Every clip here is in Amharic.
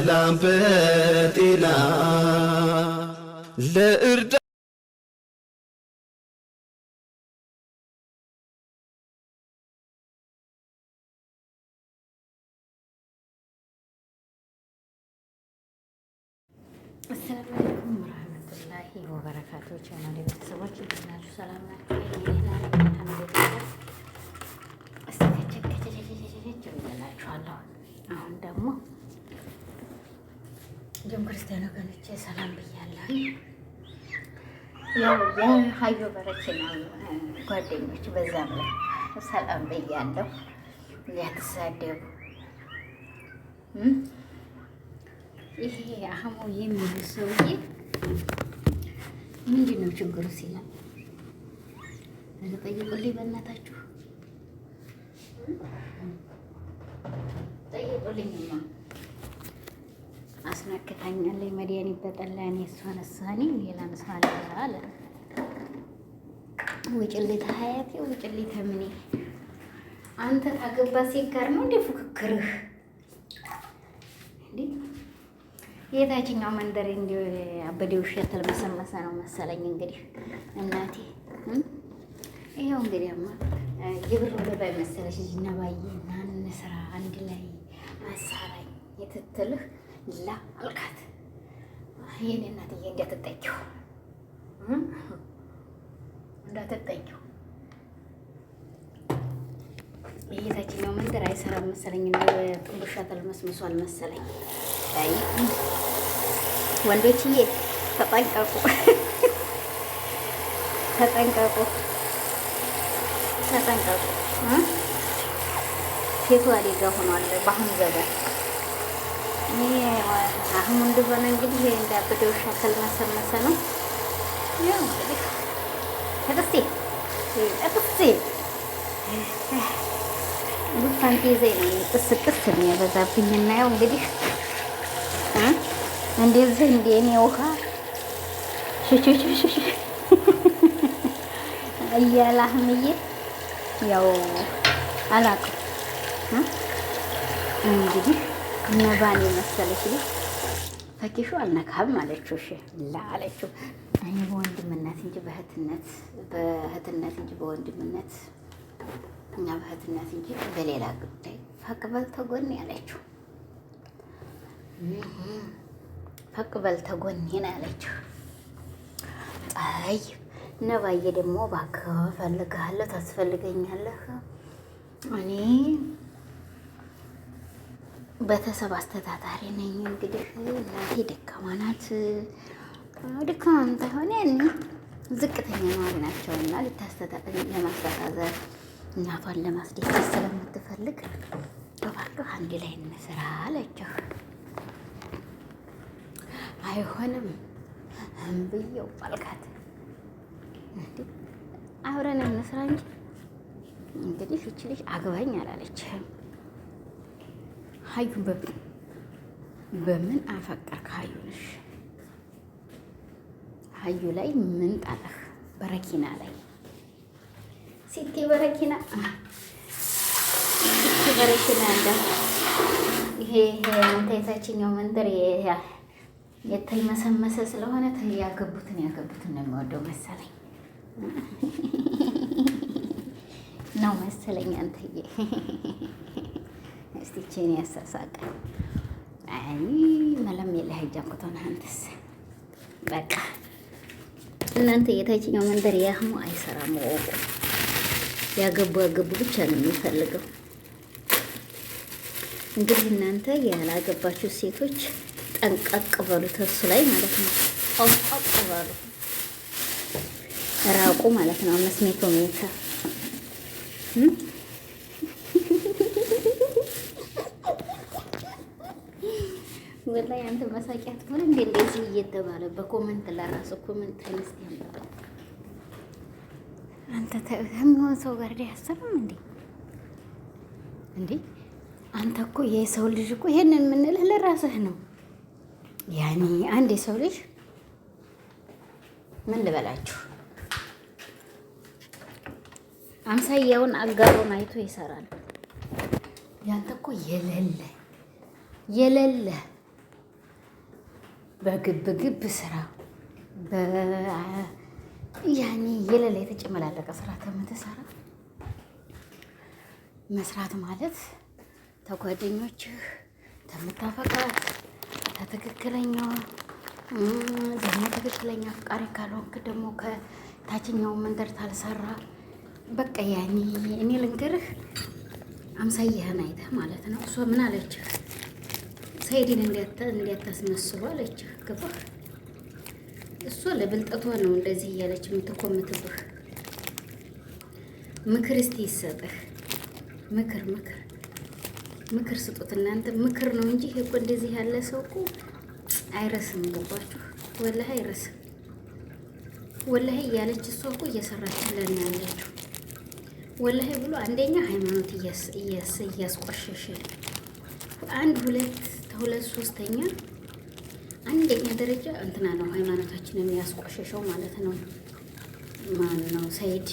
በሰላም በጤና ለእርዳ አሰላሙ አለይኩም ወረህመቱላሂ ወበረካቱ። ቻናል ቤተሰቦች ናችሁ፣ ሰላም ናችሁ? አሁን ደግሞ እንዲሁም ክርስቲያን ወገኖቼ ሰላም ብያለሁ። ያው ጓደኞች በዛ ሰላም ብያለሁ። ያተሳደቡ ይሄ አህሙ የሚሉ ሰውዬ ምንድን ነው ችግሩ ሲላል ጠይቁልኝ፣ በእናታችሁ ጠይቁልኝማ አስነክታኛለች። መዲያን ይበጠላን የሷን ሳኒ ሌላ ምሳሌ አለ ውጭልታ ሀያቴ ውጭልታ ምኔ አንተ ታገባ ሴት ጋር ነው እንደ ፉክክርህ የታችኛው መንደር እንዲ አበዴ ውሸት ተልመሰመሰ ነው መሰለኝ። እንግዲህ እናቴ ይኸው እንግዲህ ማ ግብር ገባይ መሰለች ነባዬ ናንስራ አንድ ላይ አሳራኝ የትትልህ ላ አልካት። የኔ እናትዬ እንዳትጠቂው እንዳትጠቂው። የታችኛው መንደር አይሰራም መሰለኝ፣ ጥንቡሻ ተልመስምሷል መሰለኝ። አይ ወንዶችዬ ተጠንቀቁ፣ ተጠንቀቁ፣ ተጠንቀቁ። ሴቱ አደጋ ሆኗል በአሁኑ ዘመን። አሁን እንደሆነ እንግዲህ እንዳበደ ውሻ ከልመሰመሰ ነው። ያው እንግዲህ ነው ጥስ ጥስ እና ያው እንግዲህ እንደዚህ እንደ እኔ ውሃ ያው አላውቅም እንግዲህ ነባን የመሰለች ልጅ ፈኪሾ አልነካም አለችው። እሺ ላ አለችው። እኔ በወንድምነት እንጂ በእህትነት በእህትነት እንጂ በወንድምነት እኛ በእህትነት እንጂ በሌላ ጉዳይ ፈቅበል ተጎን ተጎኔ አለችው። ፈቅ በል ተጎኔ ነው ያለችው። ጠይ ነባዬ ደግሞ እባክህ እፈልግሃለሁ ታስፈልገኛለህ እኔ ቤተሰብ አስተዳዳሪ ነኝ። እንግዲህ እናቴ ደካማ ናት። ደካማ ባይሆን ዝቅተኛ ነዋሪ ናቸው እና ለማስተዳዘር እናቷን ለማስደሰት ስለምትፈልግ እባክህ አንድ ላይ እንስራ አለችው። አይሆንም ብዬው ባልካት አብረን እንስራ እንጂ እንግዲህ ይች ልጅ አግባኝ አላለችህም ሀዩን በምን በምን አፈቀርክ? ሀዩንሽ ሀዩ ላይ ምን ጣለህ? በረኪና ላይ ሲቲ በረኪና በረኪና እንደ ይሄ አንተ የታችኛው መንደር የተመሰመሰ ስለሆነ ያገቡትን ያገቡትን ነው የሚወደው መሰለኝ ነው መሰለኝ አንተዬ እስቲቼን ያሳሳቀ አይ መለም የለህ ጃንኩቶን አንተስ በቃ እናንተ የታችኛው መንደር ያህሙ አይሰራም። ወቁ ያገቡ ያገቡ ብቻ ነው የሚፈልገው። እንግዲህ እናንተ ያላገባችሁ ሴቶች ጠንቀቅ በሉ፣ ተሱ ላይ ማለት ነው። ጠንቀቅ በሉ፣ ራቁ ማለት ነው። አምስት መቶ ሜትር በላይ አንተ መሳቂያ ትሆን እንደ እንደዚህ እየተባለ በኮመንት ለራሱ ኮመንት ተነስቲ ያምጣው አንተ ተሚሆን ሰው ጋር ዲ እንዴ እንዴ አንተ እኮ የሰው ልጅ እኮ ይሄንን የምንልህ ለራስህ ነው። ያኔ አንድ የሰው ልጅ ምን ልበላችሁ አምሳያውን አጋሮን አይቶ ይሰራል። ያንተ እኮ የለለ የሌለ ግብ ስራ ያኔ የሌላ የተጨመላለቀ ስራ ከምትሰራ መስራት ማለት ተጓደኞችህ ተምታፈቃት ተትክክለኛው ደግሞ ትክክለኛ አፍቃሪ ካልሆንክ ደግሞ ከታችኛው መንደር ታልሰራ በቃ ያኔ እኔ ልንገርህ አምሳያህን አይተህ ማለት ነው እሷ ምን አለችህ ሰኢድን እንዲያታስመስሉ አለች። ገባህ? እሷ ለብልጠቷ ነው እንደዚህ እያለች የምትኮምትብህ። ምክር እስቲ ይሰጥህ። ምክር ምክር ምክር ስጡት እናንተ። ምክር ነው እንጂ እኮ እንደዚህ ያለ ሰው እኮ አይረስም። ገባችሁ? ወላሂ አይረስም። ወላሂ እያለች እሷ እኮ እየሰራችለን ያለችው ወላሂ ብሎ አንደኛ ሃይማኖት እያስቆሸሸ አንድ ሁለት ሁለት ሶስተኛ አንደኛ ደረጃ እንትና ነው ሃይማኖታችን የሚያስቆሸሸው ማለት ነው። ማን ነው ሰይድ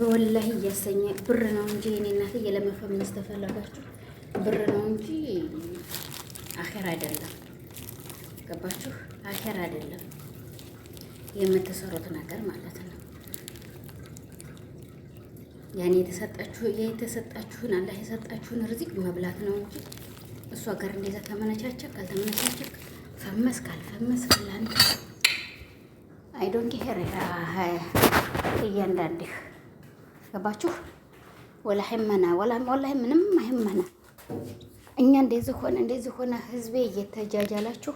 በወላሂ እያሰኘ ብር ነው እንጂ የኔ እናትዬ ለመፈመስ ተፈለጋችሁ ብር ነው እንጂ አኼር አይደለም። ገባችሁ? አኼር አይደለም የምትሰሩት ነገር ማለት ነው። ያኔ የተሰጣችሁ የተሰጣችሁን አላህ የሰጣችሁን ርዚቅ መብላት ነው እንጂ እሱ ሀገር እንደዛ ተመነቻቸክ አልተመነቻቸክ ፈመስ ካልፈመስ ካላንተ አይ ዶንት ኬር እያንዳንድህ ገባችሁ? ወላ ህመና ወላ ወላ ምንም አይመና። እኛ እንደዚህ ሆነ እንደዚህ ሆነ ህዝቤ እየተጃጃላችሁ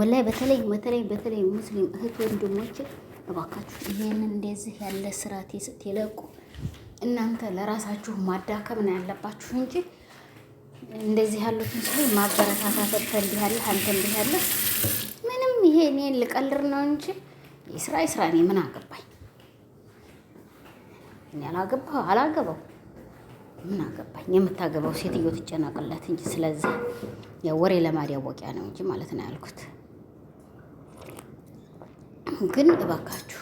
ወላይ በተለይ በተለይ በተለይ ሙስሊም እህት ወንድሞችን እባካችሁ ይሄንን እንደዚህ ያለ ስራ ትለቁ። እናንተ ለራሳችሁ ማዳከም ነው ያለባችሁ እንጂ እንደዚህ ያሉትን ሰው ማበረታታት እንዲህ ያለህ አንተ እንዲህ ያለህ ምንም ይሄ እኔ ልቀልር ነው እንጂ የስራ የስራ እኔ ምን አገባኝ? እኔ አላገባ አላገባው ምን አገባኝ? የምታገባው ሴትዮ ትጨናቅላት እንጂ። ስለዚህ ያው ወሬ ለማዳወቂያ ነው እንጂ ማለት ነው ያልኩት። ግን እባካችሁ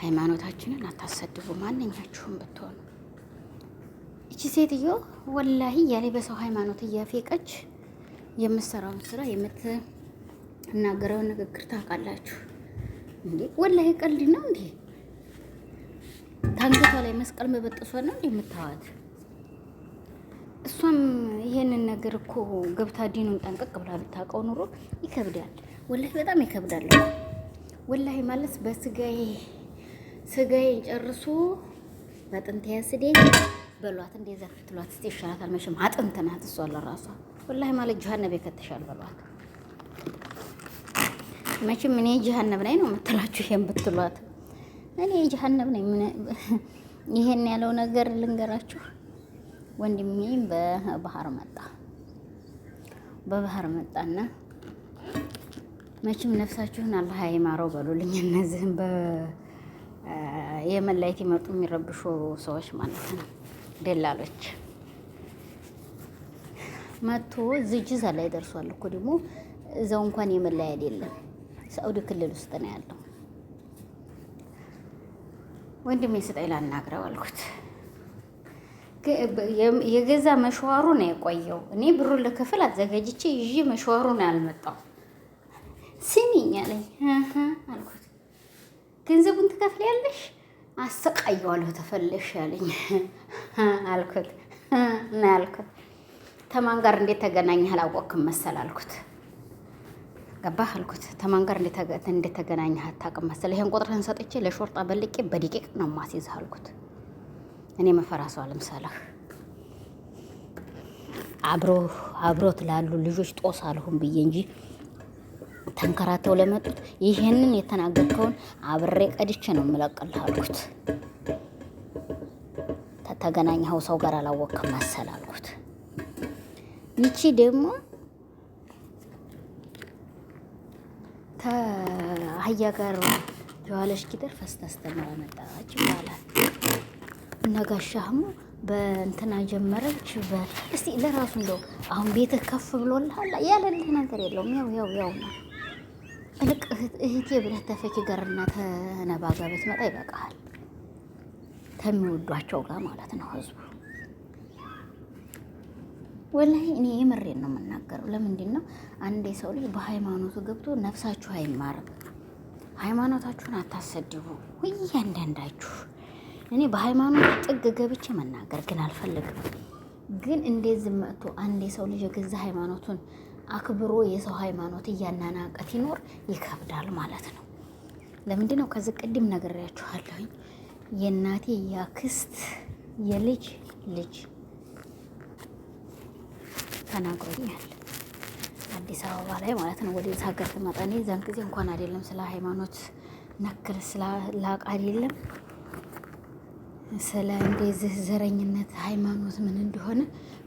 ሃይማኖታችንን አታሰድቡ፣ ማንኛችሁም ብትሆኑ። እቺ ሴትዮ ወላሂ ያለ በሰው ሃይማኖት እያፌቀች የምትሰራውን ስራ የምትናገረውን ንግግር ታውቃላችሁ እንዴ? ወላሂ ቀልድ ነው እንዴ? ታንገቷ ላይ መስቀል መበጠሷ ነው እንዴ የምታዋት? እሷም ይሄንን ነገር እኮ ገብታ ዲኑን ጠንቀቅ ብላ ብታውቀው ኑሮ ይከብዳል፣ ወላሂ በጣም ይከብዳል። ወላሂ ማለት በስጋዬ ስጋዬን ጨርሶ በአጥንት ያስደኝ በሏት። እንደዛ ፍትሏት እስቲ ይሻላታል። መቼም አጥንት ናት እሷ ለራሷ ወላሂ ማለት ጀሃነብ የከተሻል በሏት። መቼም እኔ ጀሃነብ ላይ ነው የምትላችሁ ይሄን ብትሏት እኔ ጀሃነብ ነኝ። ይሄን ያለው ነገር ልንገራችሁ። ወንድሜም በባህር መጣ በባህር መጣና መቼም ነፍሳችሁን አላህ አይማረው በሉልኝ። እነዚህም የመን ላይ ይመጡ የሚረብሹ ሰዎች ማለት ነው፣ ደላሎች መቶ ዝጅዛ ላይ ደርሷል እኮ ደግሞ እዛው እንኳን የመን ላይ አይደለም ሳኡዲ ክልል ውስጥ ነው ያለው። ወንድሜ ስጠኝ ላናግረው አልኩት። የገዛ መሸዋሩ ነው የቆየው። እኔ ብሩን ልክፍል አዘጋጅቼ ይዤ መሸዋሩ ነው ያልመጣው ስሚኝ አለኝ። አልኩት ገንዘቡን ትከፍያለሽ? አሰቃየዋለሁ ተፈለሽ አለኝ። አልኩት እና አልኩት ተማን ጋር እንዴት ተገናኘህ አላወቅም መሰል አልኩት። ገባህ አልኩት ተማን ጋር እንዴት ተገናኘህ አታውቅም መሰል። ይሄን ቁጥርህን ሰጥቼ ለሾርጣ በልቄ በደቂቅ ነው ማስይዝህ አልኩት። እኔ መፈራ ሰው አልምሰልህ። አብሮ አብሮት ላሉ ልጆች ጦስ አልሁም ብዬ እንጂ ተንከራተው ለመጡት ይህንን የተናገርከውን አብሬ ቀድቼ ነው የምለቅልህ አልኩት። ተገናኘኸው ሰው ጋር አላወቅም መሰል አልኩት። ይቺ ደግሞ አህያ ጋር የዋለች ጊደር ፈስታስተምራ መጣች ይባላል እና በእንትና ጀመረች። እስቲ ለራሱ እንደው አሁን ቤትህ ከፍ ብሎልሃል ያለልህ ነገር የለውም። ያው ያው ያው ነው ልቅ እህቴ ብለህ ተፈኪ ገርና ተነባጋ ብትመጣ ይበቃሃል። ከሚወዷቸው ጋር ማለት ነው ህዝቡ። ወላሂ እኔ የምሬን ነው የምናገረው። ለምንድን ነው አንዴ ሰው ልጅ በሃይማኖቱ ገብቶ ነፍሳችሁ አይማርም፣ ሃይማኖታችሁን አታሰድቡ። እያንዳንዳችሁ እኔ በሃይማኖቱ ጥግ ገብቼ መናገር ግን አልፈልግም። ግን እንዴት ዝም መጥቶ አንድ ልጅ የገዛ ሃይማኖቱን አክብሮ የሰው ሃይማኖት እያናናቀት ይኖር ይከብዳል ማለት ነው። ለምንድን ነው ከዚህ ቅድም ነግሬያችኋለሁኝ። የእናቴ ያክስት የልጅ ልጅ ተናግሮኛል። አዲስ አበባ ላይ ማለት ነው። ወደዚህ ሀገር ትመጣ እኔ ጊዜ እንኳን አይደለም ስለ ሃይማኖት ነክር ስላቅ አይደለም ስለ እንደዚህ ዘረኝነት ሃይማኖት ምን እንደሆነ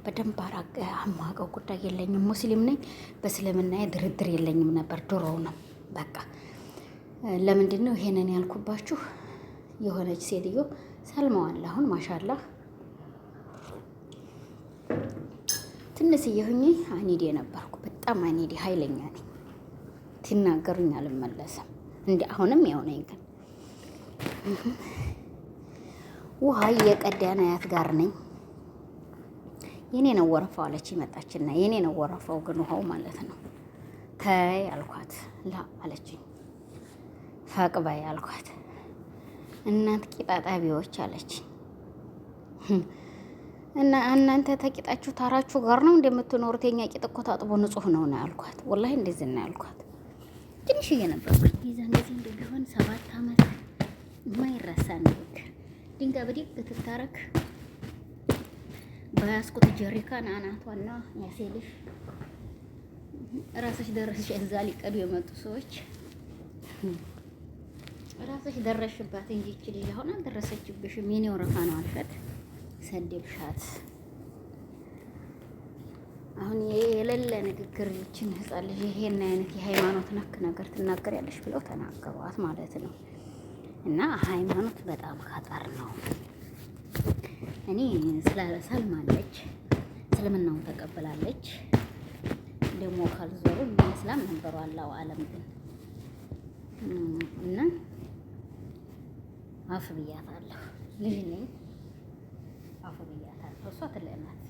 በደንብ አራቀ አማቀው ጉዳይ የለኝም። ሙስሊም ነኝ፣ በእስልምና ድርድር የለኝም ነበር ነው በቃ ለምንድን ነው ይሄንን ያልኩባችሁ? የሆነች ሴትዮ ሰልመዋል አሁን ማሻላህ ትንስ እየሁኝ አኒዴ ነበርኩ። በጣም አኒዴ ኃይለኛ ነኝ። ሲናገሩኝ አልመለስም። እንዲ አሁንም የሆነኝ ግን ውሃ እየቀዳናያት ጋር ነኝ የኔ ነው ወረፋው አለች መጣችና፣ የኔ ነው ወረፋው ግን ውሃው ማለት ነው። ተይ አልኳት። ላ አለችኝ። ፈቅባይ አልኳት። እናንት ቂጣጣቢዎች አለች። እና እናንተ ተቂጣችሁ ታራችሁ ጋር ነው እንደምትኖሩት። የኛ ቂጥ እኮ ታጥቦ ንጹህ ነው ነው ያልኳት። ወላሂ እንደዚህ ነው ያልኳት። ትንሽዬ ነበርኩኝ የዛን ጊዜ እንደ ቢሆን ሰባት አመት የማይረሳ ንግግር ድንጋ ብድግ ትታረክ በያዝኩት ጀሪካን አናቷና ያሴልሽ ራስሽ ደረስሽ። እዛ ሊቀዱ የመጡ ሰዎች ራስሽ ደረስሽባት እንጂ እቺ ልጅ አሁን አልደረሰችብሽም። የኔ ወረፋ ነው አልፈት ሰደብሻት። አሁን የሌለ ንግግር ይችን ህፃን ልጅ ይሄን አይነት የሃይማኖት ነክ ነገር ትናገሪያለሽ ብለው ተናገሯት ማለት ነው። እና ሃይማኖት በጣም ከጠር ነው። እኔ ሰልማለች፣ እስልምናው ተቀብላለች። ደግሞ ካልዞሩ እስላም ነበሩ አላው አለም ግን እና አፍ ብያታለሁ። ልጅ ነኝ አፍ ብያታለሁ። እሷ ትልቅ ናት።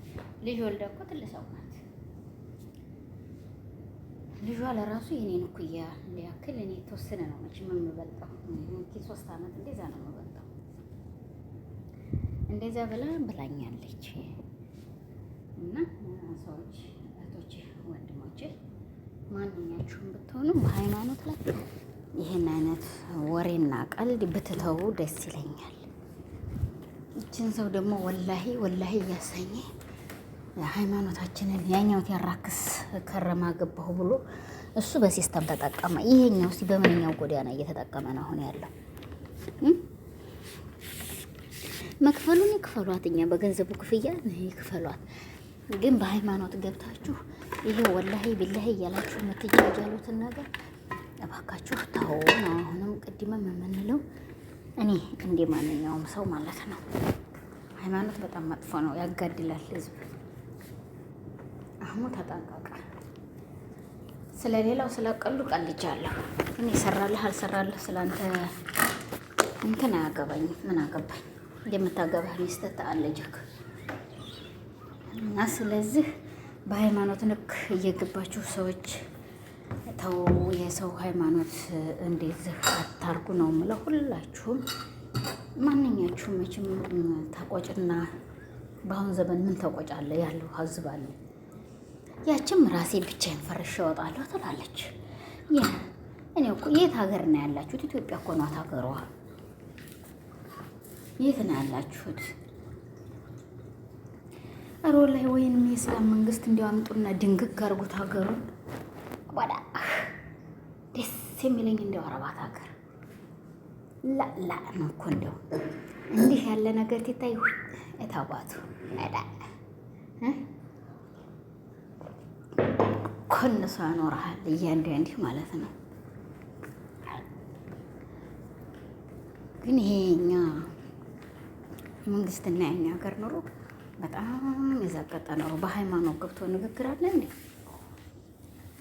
ልጅ እኮ ትልቅ ሰው ናት። ልጇ ለራሱ የኔን እኩያ ያክል እኔ የተወሰነ ነው መቼም የምበልጠው ሶስት አመት እንደዛ ነው የምበልጠው እንደዛ ብላ ብላኛለች። እና ሰዎች እህቶች፣ ወንድሞች ማንኛችሁም ብትሆኑ በሃይማኖት ላይ ይህን አይነት ወሬና ቀልድ ብትተው ደስ ይለኛል። ይችን ሰው ደግሞ ወላሂ ወላሂ እያሰኘ ሃይማኖታችንን ያኛውት ያራክስ ከረማ ገባሁ ብሎ እሱ በሲስተም ተጠቀመ። ይሄኛው ሲ በምንኛው ጎዳና እየተጠቀመ ነው አሁን ያለው? መክፈሉን ይክፈሏት፣ እኛ በገንዘቡ ክፍያ ይክፈሏት። ግን በሃይማኖት ገብታችሁ ይሄ ወላሂ ቢላሂ እያላችሁ የምትጃጃሉትን ነገር እባካችሁ ተው ነው። አሁንም ቅድምም የምንለው እኔ እንደ ማንኛውም ሰው ማለት ነው ሃይማኖት በጣም መጥፎ ነው፣ ያጋድላል ህዝብ። አህሙ ተጠንቀቀ። ስለሌላው ስለቀሉ ቀልጃለሁ እኔ ሰራለህ አልሰራለህ ስለአንተ እንትን አያገባኝም። ምን አገባኝ? የምታገባህ ሚስት ታአለጅክ እና ስለዚህ በሃይማኖት ንክ እየገባችሁ ሰዎች ተው፣ የሰው ሃይማኖት እንደዚህ አታርጉ ነው የምለው። ሁላችሁም ማንኛችሁም መቼም ተቆጭና በአሁን ዘመን ምን ተቆጫለ ያለው አዝባለ ያችም ራሴ ብቻዬን ፈርሼ እወጣለሁ ትላለች። እኔ እኮ የት ሀገር ነው ያላችሁት? ኢትዮጵያ እኮ ናት ሀገሯ። የት ነው ያላችሁት? ኧረ ላይ ወይንም የእስላም መንግስት እንዲያምጡና ድንግግ አድርጉት ሀገሩን ወዳ ደስ የሚለኝ እንዲያው አረባት ሀገር ላላ ነው እኮ እንዲያው እንዲህ ያለ ነገር ትታይ የታባቱ ዳ ኮንሶ ያኖርሃል እያንዱ እንዲህ ማለት ነው ግን ይሄኛ መንግስትና የኛ ሀገር ኑሮ በጣም የዘቀጠ ነው። በሃይማኖት ገብቶ ንግግር አለ እንዴ?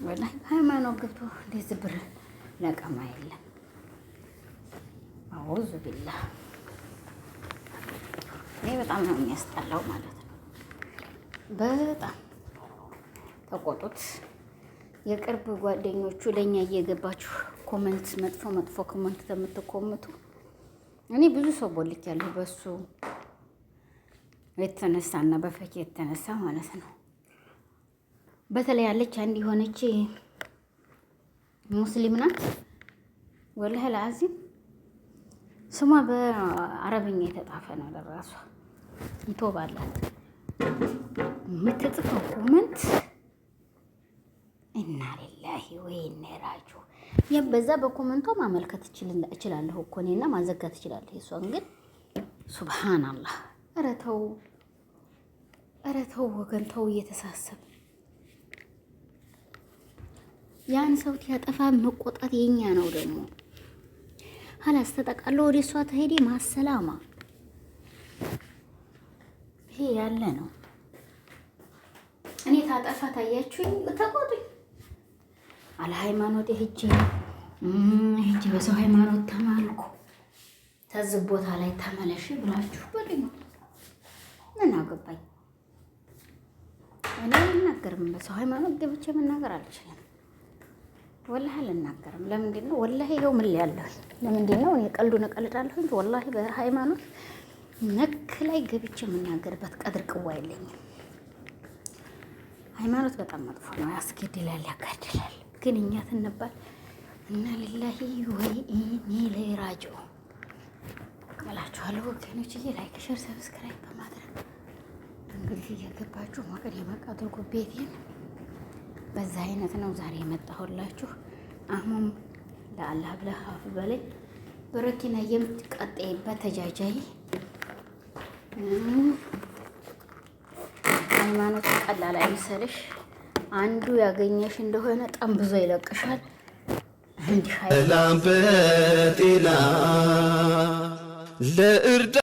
ወላሂ በሃይማኖት ገብቶ እንደዚህ ብር ለቀማ የለም። አውዙ ቢላ ይህ በጣም ነው የሚያስጠላው ማለት ነው። በጣም ተቆጡት። የቅርብ ጓደኞቹ ለእኛ እየገባችሁ ኮመንት መጥፎ መጥፎ ኮመንት ከምትኮምቱ እኔ ብዙ ሰው ቦልክ ያለሁ በሱ የተነሳና በፈኪ የተነሳ ማለት ነው። በተለይ ያለች አንድ የሆነች ሙስሊም ናት። ወላሂ ለአዚም ስሟ በአረብኛ የተጣፈ ነው። ለራሷ እንቶ የምትጽፈው ኮመንት እና ወላሂ ወይኔ ራችሁ በዛ በኮመንቶ ማመልከት እችላለሁ እኮ እኔና ማዘጋት እችላለሁ። የእሷን ግን ሱብሃናላህ። ኧረ ተው፣ ኧረ ተው ወገን ተው፣ እየተሳሰብ ያን ሰው ያጠፋ መቆጣት የኛ ነው። ደግሞ ሀላስ ተጠቃሎ ወደ እሷ ተሄዴ ማሰላማ ይሄ ያለ ነው። እኔ ታጠፋ ታያችሁኝ ተቆጡኝ አለ ሃይማኖት ሄጄ ሄጄ በሰው ሃይማኖት ተማልኩ ተዝ ቦታ ላይ ተመለሽ ብላችሁ በሉኝ። ምን አገባኝ? እኔ አልናገርም። በሰው ሃይማኖት ገብቼ መናገር አልችልም። ወላሂ አልናገርም። ለምንድን ነው ወላሂ ይኸው ምን ያለሁ ለምንድን ነው እኔ ቀልዱን እቀልዳለሁ እንጂ ወላሂ በሃይማኖት ነክ ላይ ገብቼ የምናገርበት ቀድር ቅዋ የለኝም። ሃይማኖት በጣም መጥፎ ነው። ያስገድላል፣ ያጋድላል። ግን እኛ ትንባል እና ሊላሂ ወይ እኔ ኢኔ ራጅዑ እላችኋለሁ ወገኖች። እዬ ላይክ፣ ሸር፣ ሰብስክራይብ በማድረግ እንግዲህ እየገባችሁ ሞቀድ የማቃጠልኩ ቤቴን በዛ አይነት ነው ዛሬ የመጣሁላችሁ። አሁን ለአላህ ብለህ አፍ በላይ በረኪና የምትቀጠይበት ተጃጃይ ሃይማኖት ቀላል አይምሰልሽ። አንዱ ያገኘሽ እንደሆነ ጣም ብዙ ይለቅሻል። ላምበጤና ለእርዳ